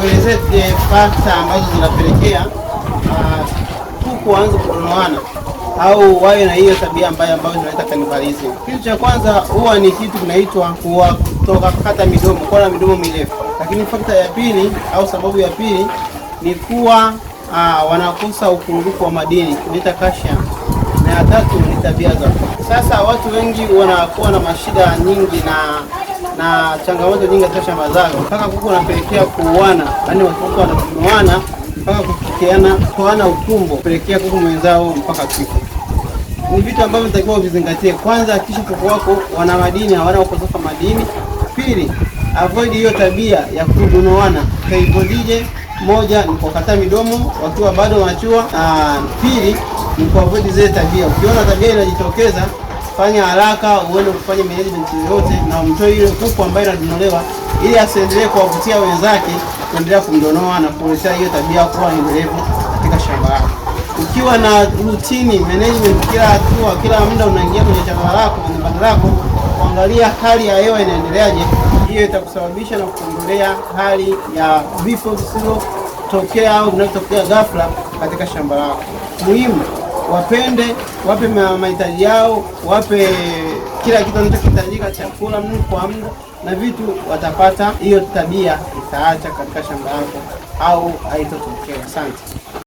kuelezea eh, fakta ambazo zinapelekea ah, tu kuanza kudonoana au wawe na hiyo tabia mbaya ambayo inaleta kanibalizi. Kitu cha kwanza huwa ni kitu kinaitwa kuwa kutoka kata midomo, kuwa na midomo mirefu. Lakini fakta ya pili au sababu ya pili ni kuwa ah, wanakosa upungufu wa madini kuleta kasha, na ya tatu ni tabia za. Sasa watu wengi wanakuwa na mashida nyingi na na changamoto nyingi katika shamba zao, mpaka kuku wanapelekea kuuana, yaani wakuku wananuana mpaka kufikiana, kuana utumbo pelekea kuku mwenzao mpaka kifo. Ni vitu ambavyo takiwa uvizingatie. Kwanza, hakikisha kuku wako wana madini, hawana ukosefu madini. Pili, avoid hiyo tabia ya kudunoana kaivodije. Moja ni kuwakata midomo wakiwa bado wanachua, na pili ni kuavoid zile tabia. Ukiona tabia inajitokeza fanya haraka uende kufanya management yoyote, na umtoe ile kuku ambayo inadinolewa, ili asiendelee kuwavutia wenzake kuendelea kumdonoa na kuletea hiyo tabia kuwa endelevu katika shamba lako. Ukiwa na rutini management, kila hatua, kila muda unaingia kwenye shamba lako, kwenye banda lako, kuangalia hali ya hewa inaendeleaje, hiyo itakusababisha na kuondolea hali ya vifo visivyotokea au vinavyotokea ghafla katika shamba lako. Muhimu wapende, wape mahitaji yao, wape kila kitu anachokihitajika, chakula Mungu kwa muda na vitu watapata. Hiyo tabia itaacha katika shamba lako au haitotokea. Asante.